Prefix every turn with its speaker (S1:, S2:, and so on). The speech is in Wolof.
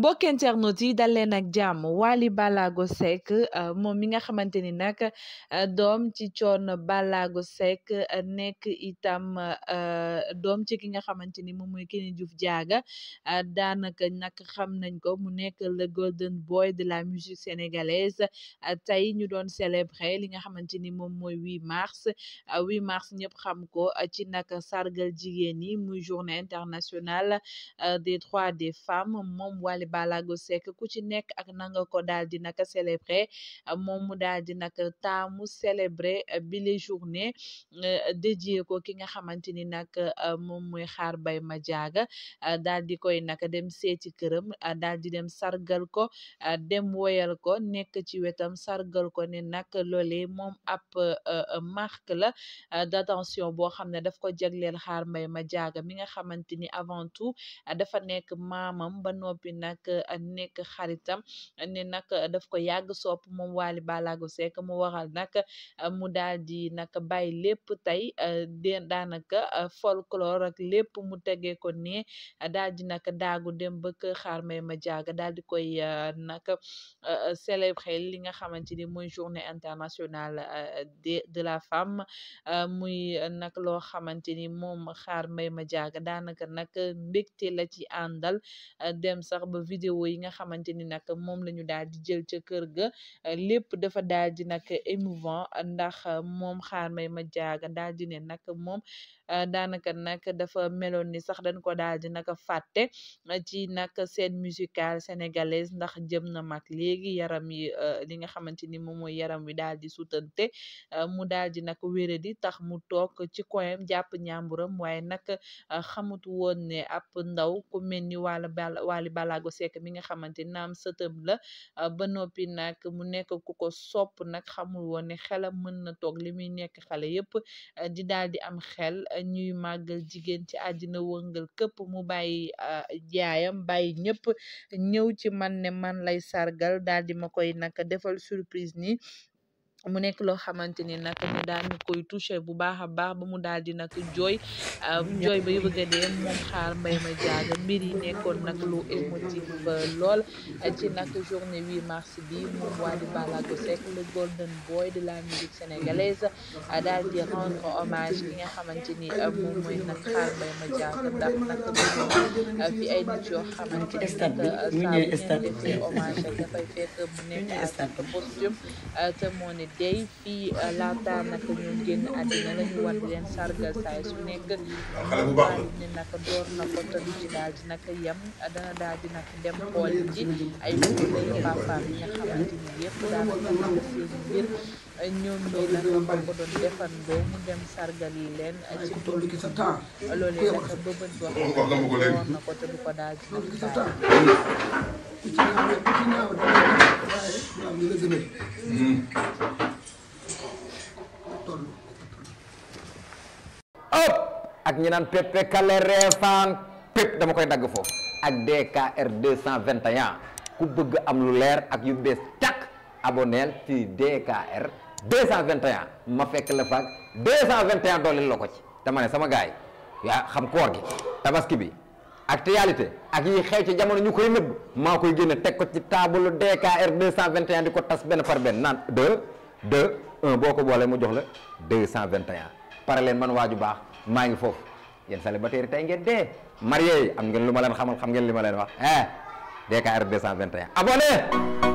S1: mbokk internautes yi dal leen ak jàmm Wally Ballago Seck euh, moom mi nga xamante ni nag euh, doom ci coon Ballago Seck euh, nekk itam doom ci ki nga xamante ni moom mooy Kenny Diouf Diaga daanaka nag xam nañ ko mu nekk le golden boy de la musique sénégalaise tey ñu doon célébrer li nga xamante ni moom mooy 8 mars 8 mars ñëpp xam ko ci nag sargal jigéen ñi muy journée international des droits des femmes moom Wally Balago Seck ku ci nekk ak nanga ko daal di naka célébrer moom mu daal di nag taamu célébrer euh, bi les journée euh, dédié ko ki nga xamante ni nag euh, moom mooy xaar bay ma jaaga daal di koy naka dem seeti këram daal di dem sargal ko dem woyal ko nekk ci wetam sargal ko ne nag loolee moom ab marque la d'attention boo xam ne daf ko jagleel xaar mbay ma jaaga mi nga xamante avant tout dafa nekk maamam ba noppi nag euh, nekk xaritam ne nag euh, daf ko yàgg sopp mom Waly Ballago Seck mu waxal nag euh, mu daal di nag bàyyi lépp tey daanaka folklore ak lépp mu tegee ko nee daal di nag daagu dem ba kër xaar may ma jaaga daal di koy nag célébré li nga xamante ni mooy journée internationale de de la femme muy nag loo xamante ni moom xaar may ma jaaga daanaka nag mbégte la ci àndal dem sax vidéo yi nga xamante ni nag moom la ñu daal di jël ca kër ga euh, lépp dafa daal di nag émouvant ndax euh, moom xaar may ma jaaga daal di ne nag moom Euh, daanaka nag dafa meloon ni sax dañ ko daal di naka fàtte euh, ci nag scène musicale sénégalaise ndax jëm na mag léegi yaram yi euh, li nga xamante ni moom mooy yaram wi daal di sutante mu daal di nag wére di tax mu toog ci koyam jàpp ñàmburam waaye nag xamut woon ne ab ndaw ku mel ni wala bal wali balago sekk mi nga xamante naam sëtëm la ba noppi nag mu nekk ku ko sopp nag xamul woon ne xelam mën na toog li muy nekk xale yépp di daal di am xel ñuy màggal jigéen ci àddina wëngal këpp mu bàyyi jaayam ah, bàyyi ñëpp ñëw ci man ne man lay sargal daal di ma koy naka defal surprise ni mu nekk loo xamante ni nag mu daal di koy touché bu baax a baax ba mu daal di nak jooy euh, jooy bay bëgg a dee moom xaar mbay ma jaaga mbir yi nekkoon nag lu émotif euh, lool ci nag journée 8 mars bi moom Wally Ballago Seck le golden boy de la musique sénégalaise euh, daal di rendre hommage nga xamante ni moom mooy nag xaar mbay ma jaaga ndax nag dañoo fi ay nit yoo xamante ni nag saa bu ñu defee hommage fekk mu nekk ak costume te moo Dieye fii euh, laata nag ñu génn àddina la ñu leen sargal saay su nekk waali ne nag door na ko te du ci daal di nag yem dana daal di nag dem xool ji ay mbooloo papaam yi nga xamante ni yëpp daanaka nag seen mbir ñoom ñi ba ko doon defandoo mu dem sargal yi leen ci tool bi loolee nag bëbët wax door na ko te du ko daal di nag
S2: waaye ak ñi naan pepe kale reefaan pep dama koy dagg foofu ak DKR 221 ku bëgg am lu leer ak yu bees tàkk aboneel ci DKR 221 ma fekk la faag 221 dooleel la ko ci dama ne sama gaay yaa xam koor gi tabaski bi. actualité ak yi xew ci jamono ñu koy nëbb maa koy génne teg ko ci table DKR 221 di ko tas benn par benn naan 2 de 1 boo ko boolee mu jox la vingt 221 par leen man waaju baax maa ngi foofu yéen célibataire tey ngeen dee marié yi am ngeen lu ma leen xamal xam ngeen li ma leen wax eh DKR 221 abonné